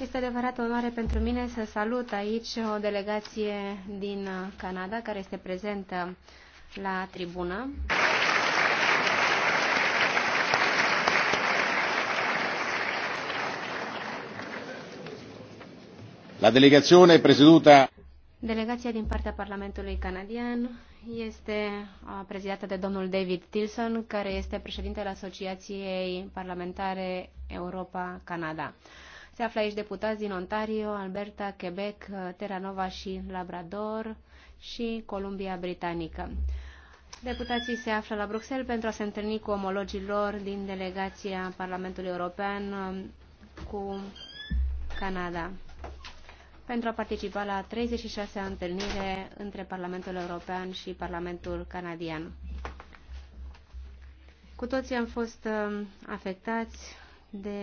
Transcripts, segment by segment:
Este adevărat o onoare pentru mine să salut aici o delegație din Canada care este prezentă la tribună. La delegație prezidută. Delegația din partea Parlamentului canadian este prezidată de domnul David Tilson, care este președintele Asociației Parlamentare Europa-Canada. Se află aici deputați din Ontario, Alberta, Quebec, Terranova și Labrador și Columbia Britanică. Deputații se află la Bruxelles pentru a se întâlni cu omologii lor din delegația Parlamentului European um, cu Canada pentru a participa la 36-a întâlnire între Parlamentul European și Parlamentul Canadian. Cu toții am fost um, afectați de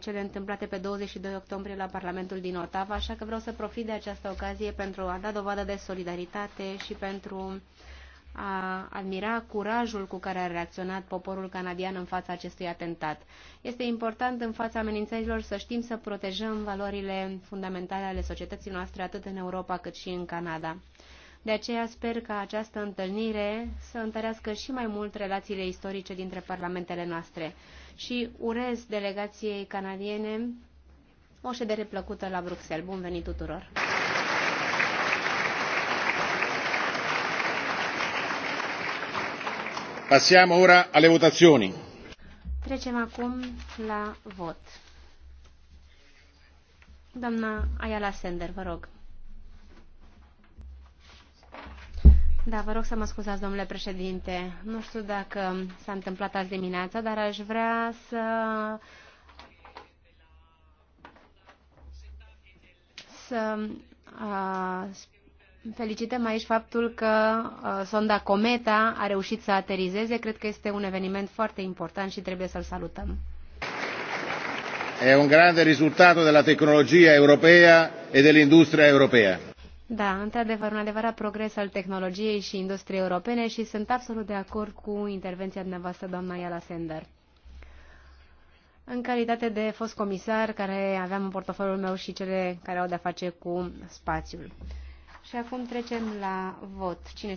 cele întâmplate pe 22 octombrie la Parlamentul din Ottawa, așa că vreau să profit de această ocazie pentru a da dovadă de solidaritate și pentru a admira curajul cu care a reacționat poporul canadian în fața acestui atentat. Este important în fața amenințărilor să știm să protejăm valorile fundamentale ale societății noastre atât în Europa cât și în Canada. De aceea sper că această întâlnire să întărească și mai mult relațiile istorice dintre parlamentele noastre și urez delegației canadiene o ședere plăcută la Bruxelles. Bun venit tuturor! Passiamo ora alle votazioni. Trecem acum la vot. Doamna Ayala Sender, vă rog. Da, vă rog să mă scuzați, domnule președinte. Nu știu dacă s-a întâmplat azi dimineața, dar aș vrea să să uh, felicităm aici faptul că uh, sonda Cometa a reușit să aterizeze. Cred că este un eveniment foarte important și trebuie să-l salutăm. E un grande risultato della tecnologia europea e dell'industria europea. Da, într-adevăr, un adevărat progres al tehnologiei și industriei europene și sunt absolut de acord cu intervenția dumneavoastră, doamna Iala Sender. În calitate de fost comisar, care aveam în portofoliul meu și cele care au de-a face cu spațiul. Și acum trecem la vot. Cine